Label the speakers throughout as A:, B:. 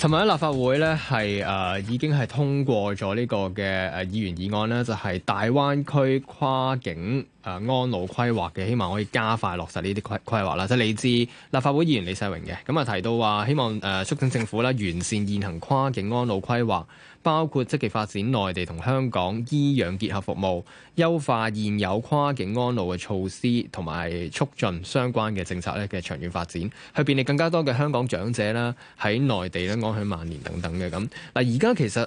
A: 尋日喺立法會咧，係、呃、誒已經係通過咗呢個嘅誒議員議案啦就係、是、大灣區跨境誒安老規劃嘅，希望可以加快落實呢啲規規劃啦。就嚟、是、自立法會議員李世榮嘅，咁啊提到話希望誒促進政府啦，完善現行跨境安老規劃。包括積極發展內地同香港醫養結合服務，優化現有跨境安老嘅措施，同埋促進相關嘅政策咧嘅長遠發展，去便利更加多嘅香港長者啦喺內地咧安享晚年等等嘅咁。嗱而家其實誒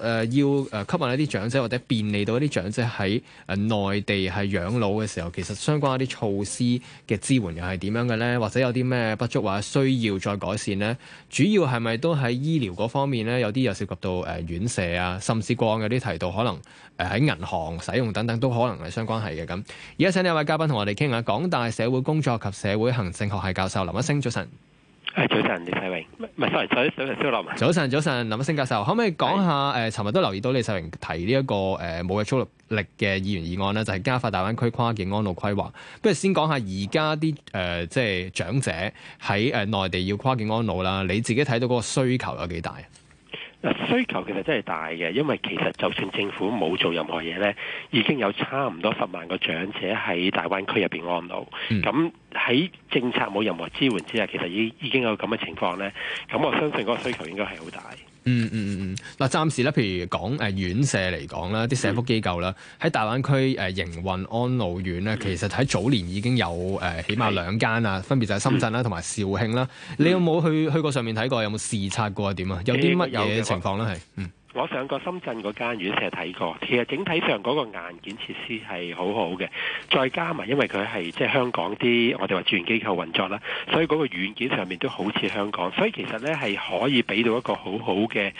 A: 要誒吸引一啲長者或者便利到一啲長者喺誒內地係養老嘅時候，其實相關一啲措施嘅支援又係點樣嘅呢？或者有啲咩不足或者需要再改善呢？主要係咪都喺醫療嗰方面呢？有啲又涉及到誒院舍啊？啊，甚至過往有啲提到，可能誒喺銀行使用等等，都可能係相關係嘅。咁而家請呢位嘉賓同我哋傾下，港大社會工作及社會行政學系教授林一星，早晨。誒，早晨，李
B: 世榮。早晨，
A: 早晨，林一星教授，可唔可以講下誒？尋日都留意到李世榮提呢一，這個誒冇約束力嘅議員議案呢？就係、是，加快大灣區跨境安老規劃。不如先講下而家啲誒，即係長者喺誒內地要跨境安老啦。你自己睇到嗰個需求有幾大？
B: 需求其實真係大嘅，因為其實就算政府冇做任何嘢呢，已經有差唔多十萬個長者喺大灣區入邊安老。咁喺政策冇任何支援之下，其實已已經有咁嘅情況咧。咁我相信嗰個需求應該係好大。嗯
A: 嗯嗯嗯。嗱、嗯嗯，暫時咧，譬如講誒、呃、院舍嚟講啦，啲社福機構啦，喺、嗯、大灣區誒、呃、營運安老院咧，嗯、其實喺早年已經有誒、呃，起碼兩間啊，係的分別就係深圳啦同埋肇慶啦。你有冇去去過上面睇過？有冇視察過？點啊？有啲乜嘢情況咧？係、欸、的嗯。
B: 我上過深圳嗰間院舍睇過，其實整體上嗰個硬件設施係好好嘅，再加埋因為佢係即係香港啲我哋話住院機構運作啦，所以嗰個軟件上面都好似香港，所以其實呢係可以俾到一個好好嘅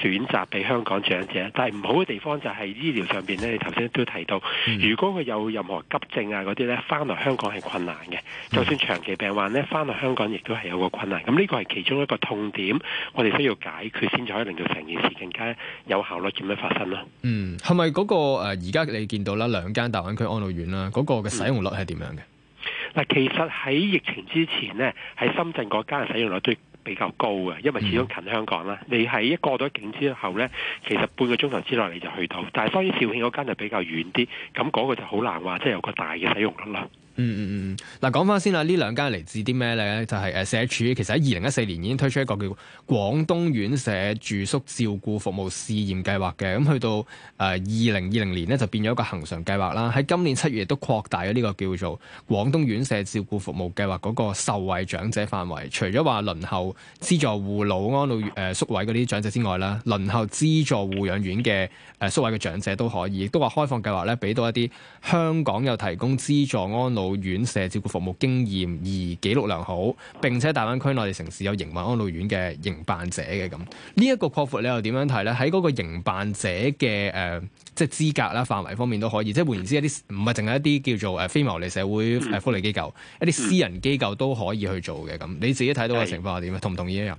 B: 選擇俾香港長者。但係唔好嘅地方就係醫療上面呢，你頭先都提到，如果佢有任何急症啊嗰啲呢，翻嚟香港係困難嘅。就算長期病患呢，翻嚟香港亦都係有個困難。咁呢個係其中一個痛點，我哋需要解決先至可以令到成件事更加。有效率點樣發生啦？嗯，
A: 係咪嗰個誒？而、呃、家你見到啦，兩間大灣區安老院啦，嗰個嘅使用率係點樣嘅？
B: 嗱、嗯，其實喺疫情之前呢，喺深圳嗰間嘅使用率都比較高嘅，因為始終近香港啦。你喺一過到境之後呢，其實半個鐘頭之內你就去到。但係所以，肇慶嗰間就比較遠啲，咁、那、嗰個就好難話，即、就、係、是、有個大嘅使用率啦。
A: 嗯嗯嗯嗯，嗱講翻先啦，嗯、兩呢兩間嚟自啲咩咧？就係、是、誒、啊、社署，其實喺二零一四年已經推出一個叫廣東院舍住宿照顧服務試驗計劃嘅，咁、嗯、去到誒二零二零年咧就變咗一個恆常計劃啦。喺今年七月亦都擴大咗呢個叫做廣東院舍照顧服務計劃嗰個受惠長者範圍，除咗話輪候資助護老安老誒宿位嗰啲長者之外啦，輪候資助護養院嘅誒宿位嘅長者都可以，亦都話開放計劃咧俾到一啲香港有提供資助安老。老院舍照顧服務經驗而記錄良好，並且大灣區內地城市有營運安老院嘅營辦者嘅，咁，這個怎樣看呢一個擴闊，你又點樣睇咧？喺嗰個營辦者嘅誒、呃，即係資格啦、範圍方面都可以，即係換言之一啲，一啲唔係淨係一啲叫做誒非牟利社會誒福利機構，嗯、一啲私人機構都可以去做嘅咁。你自己睇到嘅情況係點啊？同唔同意啊？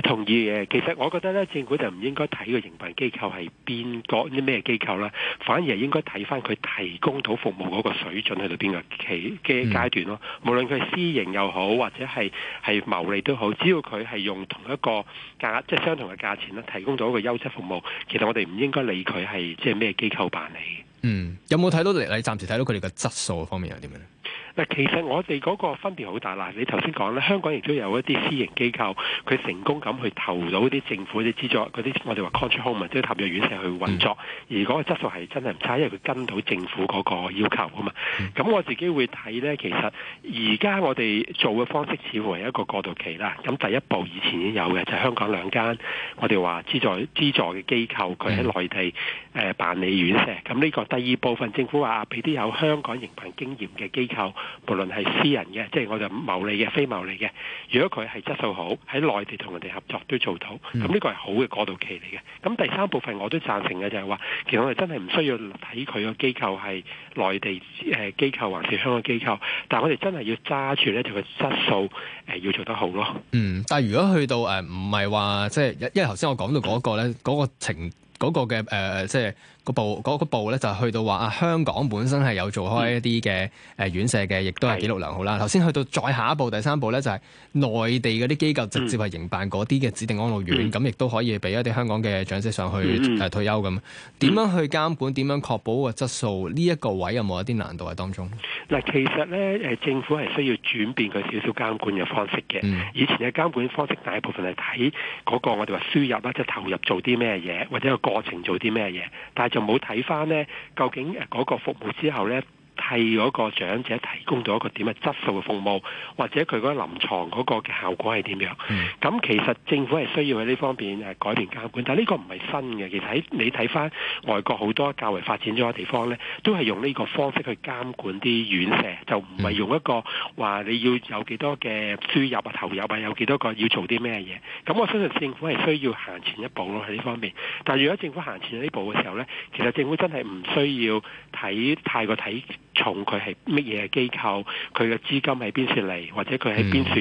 B: 同意嘅，其實我覺得咧，政府就唔應該睇個營辦機構係邊個啲咩機構啦，反而應該睇翻佢提供到服務嗰個水準去到邊個期嘅階段咯。嗯，無論佢私營又好，或者係係牟利都好，只要佢係用同一個價，即係相同嘅價錢咧，提供到一個優質服務，其實我哋唔應該理佢係即係咩機
A: 構辦理。嗯，有冇睇到你，你暫時睇到佢哋嘅質素方面係點樣？其實
B: 我哋嗰個分別好大啦。嗱，你頭先講咧，香港亦都有一啲私營機構，佢成功咁去投到啲政府啲資助，嗰啲我哋話 contract home，即係投入院舍去運作，而嗰個質素係真係唔差，因為佢跟到政府嗰個要求啊嘛。咁我自己會睇咧，其實而家我哋做嘅方式似乎係一個過渡期啦。咁第一步以前已經有嘅就係、香港兩間，我哋話資助資助嘅機構，佢喺內地誒、呃、辦理院舍。咁呢個第二部分政府話啊，俾啲有香港營辦經驗嘅機構。無論係私人嘅，即係我就牟利嘅、非牟利嘅。如果佢係質素好，喺內地同人哋合作都做到，咁呢個係好嘅過渡期嚟嘅。咁第三部分我都贊成嘅，就係話，其實我哋真係唔需要睇佢個機構係內地誒機構還是香港機構，但係我哋真係要揸住呢條個質素誒要做得好咯。
A: 嗯，但係如果去到誒唔係話，即、呃、係因為頭先我講到嗰、那個咧，嗰、那個情嗰、那個嘅誒即係。呃就是個步嗰個步咧，就去到話啊，香港本身係有做開一啲嘅誒院舍嘅，亦都係記錄良好啦。頭先去到再下一步，第三步咧就係內地嗰啲機構直接係營辦嗰啲嘅指定安老院，咁亦都可以俾一啲香港嘅長者上去嗯、嗯、啊、退休咁。點樣去監管？點樣確保個質素？呢一個位有冇一啲難度喺當中？嗱，其實咧誒，政
B: 府係需要轉變佢少少監管嘅方式嘅。以前嘅監管方式大部分係睇嗰個我哋話輸入啦，即係投入做啲咩嘢，或者個過程做啲咩嘢，但係就冇睇翻咧，究竟誒嗰個服務之後咧？係嗰個長者提供到一個點嘅質素嘅服務，或者佢嗰個臨牀嗰個嘅效果係點樣？咁、嗯、其實政府係需要喺呢方面誒改變監管，但係呢個唔係新嘅。其實喺你睇翻外國好多較為發展咗嘅地方呢，都係用呢個方式去監管啲院舍，就唔係用一個話你要有幾多嘅輸入啊、投入啊，有幾多個要做啲咩嘢。咁我相信政府係需要行前一步咯喺呢方面。但係如果政府行前一步嘅時候呢，其實政府真係唔需要睇太過睇。從佢係乜嘢機構，佢嘅資金喺邊處嚟，或者佢喺邊處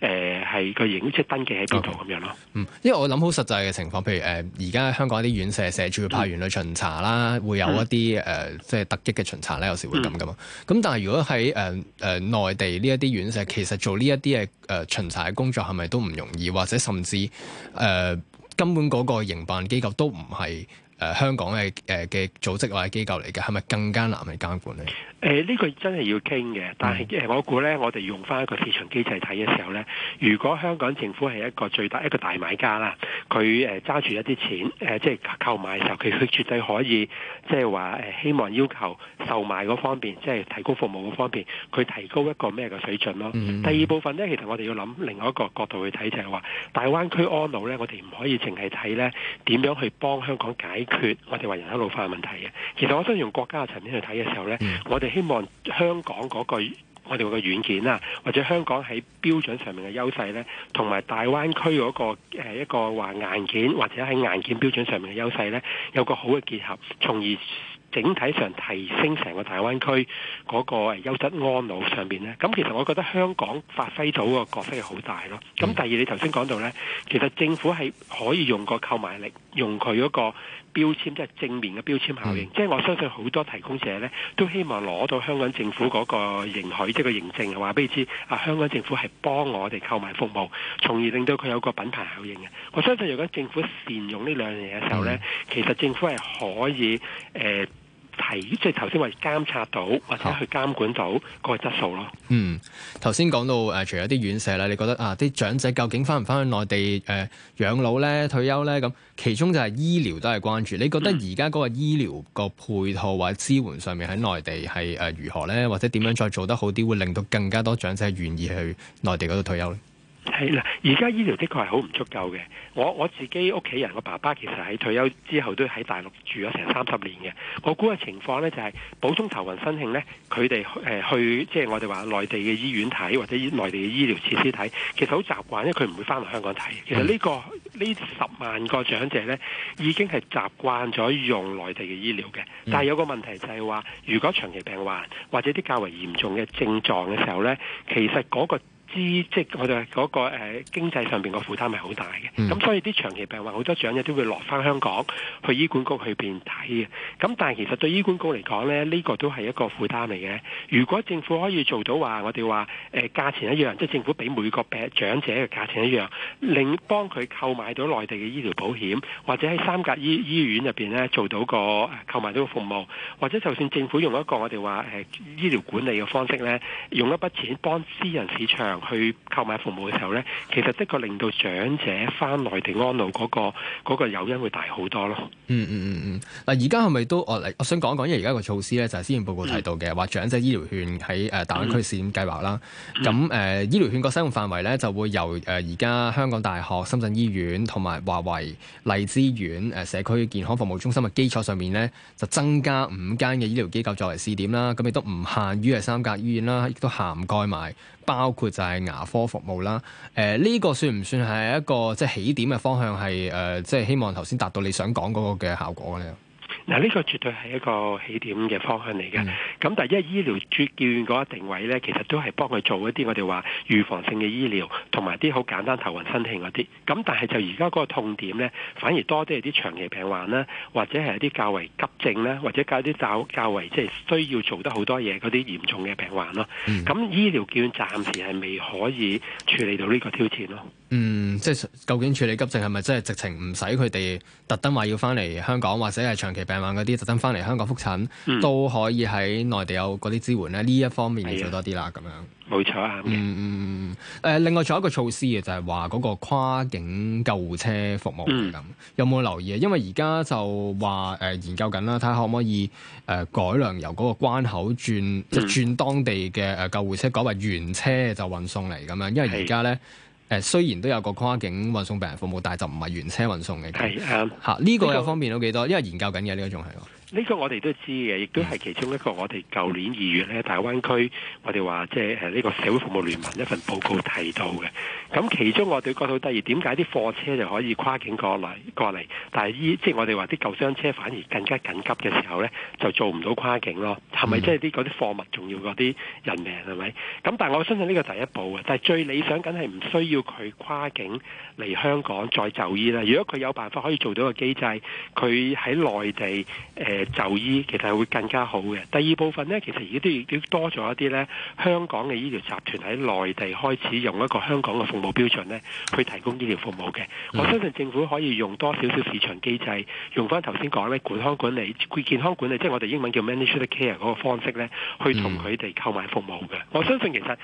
B: 誒係個營業登記喺邊度咁樣咯？嗯，
A: 因為我諗好實際嘅情況，譬如誒而家香港一啲院舍社署派員去巡查啦，嗯、會有一啲誒、嗯呃、即係突擊嘅巡查咧，有時候會咁噶嘛。咁、嗯、但係如果喺誒誒內地呢一啲院舍，其實做呢一啲嘅巡查嘅工作係咪都唔容易，或者甚至誒、呃、根本嗰個營辦機構都唔係？誒、呃、香港嘅誒嘅組織或者機構嚟嘅，係咪更加難去監管呢？誒呢、
B: 呃這個真係要傾嘅，但係我估呢，我哋用翻一個市場機制睇嘅時候呢，如果香港政府係一個最大一個大買家啦，佢誒揸住一啲錢誒、呃，即係購買嘅時候，佢佢絕對可以即係話誒希望要求售賣嗰方面，即係提高服務嗰方面，佢提高一個咩嘅水準咯。嗯、第二部分呢，其實我哋要諗另外一個角度去睇就係、是、話，大灣區安老呢，我哋唔可以淨係睇呢點樣去幫香港解缺我哋話人口老化嘅問題嘅，其實我想用國家嘅層面去睇嘅時候咧，mm hmm. 我哋希望香港嗰，個我哋個軟件啊，或者香港喺標準上面嘅優勢咧，同埋大灣區嗰個誒一個話硬件或者喺硬件標準上面嘅優勢咧，有個好嘅結合，從而整體上提升成個大灣區嗰個優質安老上面咧。咁其實我覺得香港發揮到個角色係好大咯。咁、mm hmm. 第二你頭先講到咧，其實政府係可以用個購買力，用佢嗰，個。標籤即係正面嘅標籤效應，即係我相信好多提供者呢都希望攞到香港政府嗰個認許，即係個認證，話俾你知啊，香港政府係幫我哋購買服務，從而令到佢有個品牌效應嘅。我相信如果政府善用呢兩樣嘢嘅時候呢，Okay. 其實政府係可以誒。呃提即係頭先話監察到或者去監管到個好質素咯。
A: 嗯，頭先講到誒、呃，除咗啲院舍啦，你覺得啊，啲長者究竟翻唔翻去內地誒、呃、養老咧、退休咧？咁其中就係醫療都係關注。你覺得而家嗰個醫療個配套或者支援上面喺內地係、呃、如何咧？或者點樣再做得好啲，會令到更加多長者願意去內地嗰度退休咧？
B: 係啦，而家醫療的確係好唔足夠嘅。我我自己屋企人，我爸爸其實喺退休之後都喺大陸住咗成三十年嘅。我估嘅情況呢，就係、是，補充頭暈身㷫呢，佢哋去即係、呃就是、我哋話內地嘅醫院睇或者內地嘅醫療設施睇，其實好習慣，因為佢唔會翻嚟香港睇。其實呢、這個呢、這個、十萬個長者呢，已經係習慣咗用內地嘅醫療嘅。但係有個問題就係話，如果長期病患或者啲較為嚴重嘅症狀嘅時候呢，其實嗰、那個。之即係我哋嗰、那個、呃、經濟上邊個負擔係好大嘅，咁、嗯、所以啲長期病患好多長者都會落翻香港去醫管局去邊睇嘅。咁但係其實對醫管局嚟講咧，呢、這個都係一個負擔嚟嘅。如果政府可以做到話，我哋話誒價錢一樣，即係政府俾每個病長者嘅價錢一樣，令幫佢購買到內地嘅醫療保險，或者喺三甲醫醫院入邊咧做到個購買到個服務，或者就算政府用一個我哋話誒醫療管理嘅方式咧，用一筆錢幫私人市場，去購買服務嘅時候咧，其實的確令到長者翻內地安老嗰、那個嗰、那個誘因會大好多咯。嗯嗯嗯
A: 嗯，嗱而家係咪都我嚟？我想講一講，因為而家個措施咧就係、是、先前報告提到嘅，話、嗯、長者醫療券喺誒大灣區試點計劃啦。咁誒、嗯呃、醫療券嘅使用範圍咧就會由誒而家香港大學、深圳醫院同埋華為荔枝園誒、呃、社區健康服務中心嘅基礎上面咧，就增加五間嘅醫療機構作為試點啦。咁亦都唔限於係三甲醫院啦，亦都涵蓋埋包括就是。係牙科服務啦，誒、呃、呢、這個算唔算係一個即係起點嘅方向？係、呃、誒，即係希望頭先達到你想講嗰個嘅效果咧。
B: 嗱，呢個絕對係一個起點嘅方向嚟嘅。咁、嗯、但係，因為醫療住醫院嗰個定位呢，其實都係幫佢做一啲我哋話預防性嘅醫療，同埋啲好簡單頭暈身㷫嗰啲。咁但係就而家嗰個痛點呢，反而多啲係啲長期病患啦，或者係一啲較為急症啦，或者較啲較較為即係需要做得好多嘢嗰啲嚴重嘅病患咯。咁、嗯、醫療醫院暫時係未可以處理到呢個挑戰咯。
A: 嗯，即係究竟處理急症係咪真係直情唔使佢哋特登話要翻嚟香港，或者係長期病患嗰啲特登翻嚟香港覆診、嗯、都可以喺內地有嗰啲支援咧？呢一方面要做多啲啦，咁的樣冇錯啊。嗯嗯嗯、呃、另外仲有一個措施嘅，就係話嗰個跨境救護車服務咁、嗯，有冇留意啊？因為而家就話誒、呃、研究緊啦，睇下可唔可以誒、呃、改良由嗰個關口轉即係、嗯、轉當地嘅誒救護車改為原車就運送嚟咁樣，因為而家咧。誒，雖然都有個跨境運送病人服務，但係就唔係原車運送嘅。係，誒嚇呢個又方便到幾多？那個、因為研究緊嘅呢一種係。
B: 呢個我哋都知嘅，亦都係其中一個。我哋舊年二月咧，大灣區，我哋話即係呢個社會服務聯盟一份報告提到嘅。咁其中我哋覺得好得意，點解啲貨車就可以跨境過嚟過嚟，但係依即係我哋話啲救傷車反而更加緊急嘅時候咧，就做唔到跨境咯。係咪即係啲嗰啲貨物重要過啲人命係咪？咁但係我相信呢個第一步嘅，但係最理想梗係唔需要佢跨境嚟香港再就醫啦。如果佢有辦法可以做到個機制，佢喺內地、呃就醫其實係會更加好嘅。第二部分呢，其實而家都亦多咗一啲呢香港嘅醫療集團喺內地開始用一個香港嘅服務標準呢去提供醫療服務嘅。我相信政府可以用多少少市場機制，用翻頭先講呢管康管理健健康管理，即係我哋英文叫 managed care 嗰個方式呢，去同佢哋購買服務嘅。我相信其實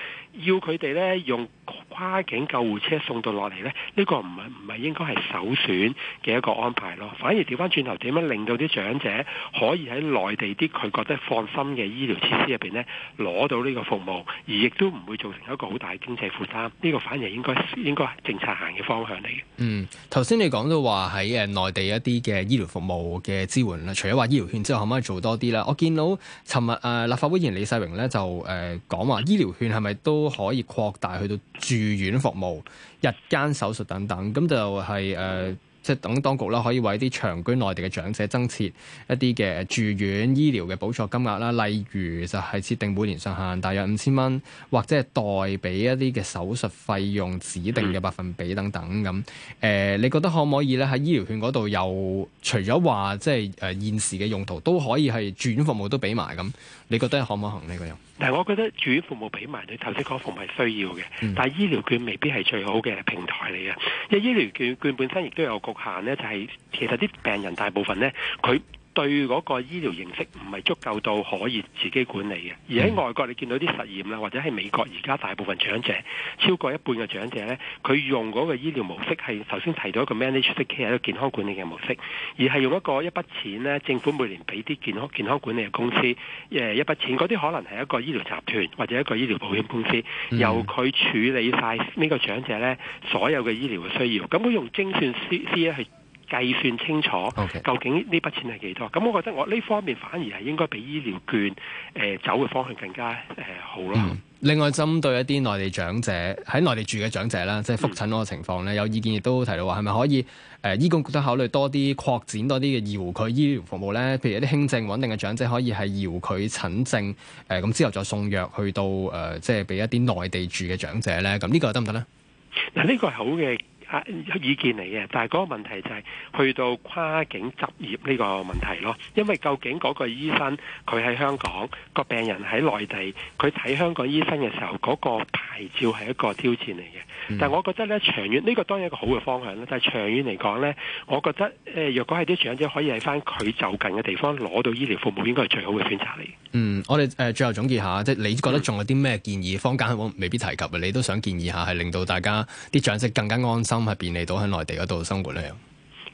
B: 要佢哋呢用跨境救護車送到落嚟呢，呢個唔係唔係應該係首選嘅一個安排咯。反而調翻轉頭，點樣令到啲長者可以喺內地啲佢覺得放心嘅醫療設施入邊呢攞到呢個服務，而亦都唔會造成一個好大的經濟負擔。呢、這個反而應該應該係政策行嘅方向嚟嘅。
A: 嗯，頭先你講到話喺誒內地一啲嘅醫療服務嘅支援啦，除咗話醫療券之後，可唔可以做多啲啦？我見到尋日誒立法會議員李世榮呢就誒講話醫療券係咪都可以擴大去到住院服務、日間手術等等，咁就係、是、誒。呃即係等當局啦，可以為一啲長居內地嘅長者增設一啲嘅住院醫療嘅補助金額啦，例如就係設定每年上限大約五千蚊，或者係代俾一啲嘅手術費用指定嘅百分比等等咁。誒、呃，你覺得可唔可以咧喺醫療券嗰度又除咗話即係誒現時嘅用途，都可以係住院服務都俾埋咁。你覺得可唔可行呢個又？
B: 但係，我覺得住院服務俾埋你頭先服務係需要嘅，嗯、但係醫療券未必係最好嘅平台嚟嘅，因為醫療券券本身亦都有局限咧，就係、是、其實啲病人大部分咧佢。對嗰個醫療認識唔係足夠到可以自己管理嘅，而喺外國你見到啲實驗啦，或者係美國而家大部分長者超過一半嘅長者呢，佢用嗰個醫療模式係頭先提到一個 managed care 一個健康管理嘅模式，而係用一個一筆錢呢，政府每年俾啲健康健康管理嘅公司一筆錢，嗰啲可能係一個醫療集團或者一個醫療保險公司由佢處理晒呢個長者呢所有嘅醫療嘅需要，咁佢用精算師師去計算清楚 Okay. 究竟呢筆錢係幾多？咁我覺得我呢方面反而係應該比醫療券誒、呃、走嘅方向更加誒、呃、好咯、
A: 嗯。另外，針對一啲內地長者喺內地住嘅長者啦，即係覆診嗰個情況咧，嗯、有意見亦都提到話係咪可以誒、呃、醫管局都考慮多啲擴展多啲嘅遙距醫療服務咧？譬如一啲輕症穩定嘅長者可以係遙距診症誒，咁、呃、之後再送藥去到誒、呃，即係俾一啲內地住嘅長者咧。咁呢個得唔得咧？
B: 嗱、啊，呢、呢個係好嘅。意見嚟嘅，但係嗰個問題就係去到跨境執業呢個問題咯。因為究竟嗰個醫生佢喺香港，個病人喺內地，佢睇香港醫生嘅時候，嗰個牌照係一個挑戰嚟嘅。但係我覺得咧，長遠呢個當然一個好嘅方向咧，但係長遠嚟講咧，我覺得誒，若果係啲長者可以喺翻佢就近嘅地方攞到醫療服務，應該係最好嘅選擇嚟。
A: 嗯，我哋誒最後總結下，即係你覺得仲有啲咩建議，坊間未必提及嘅，你都想建議下，係令到大家啲長者更加安心。咁係便利到喺內地嗰度生活咧。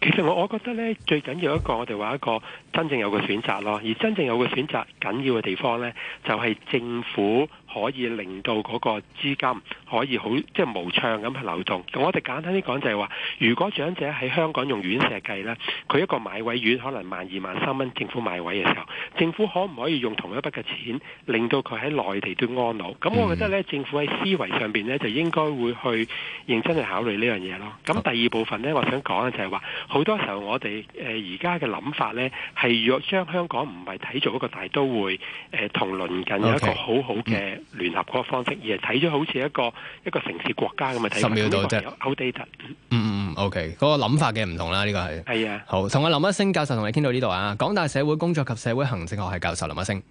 B: 其實我我覺得咧，最緊要一個我哋話一個真正有個選擇咯，而真正有個選擇緊要嘅地方咧，就係政府。可以令到嗰個資金可以好即係無暢咁去流動。咁我哋簡單啲講，就係話如果長者喺香港用院舍計咧，佢一個買位院可能萬二萬三蚊，政府買位嘅時候，政府可唔可以用同一筆嘅錢令到佢喺內地都安老？咁我覺得咧，政府喺思維上邊咧，就應該會去認真去考慮呢樣嘢咯。咁第二部分咧，我想講嘅就係話好多時候我哋誒而家嘅諗法咧，係若將香港唔係睇做一個大都會誒同鄰近有一個好好嘅。聯合嗰個方式，而係睇咗好似一個一個城市國家咁啊睇。十秒到啫。好 detail
A: 嗯、就是、嗯嗯，OK，嗰個諗法嘅唔同啦，呢、呢個係。係啊的，好，同阿林一星教授同你傾到呢度啊，港大社會工作及社會行政學系教授林一星。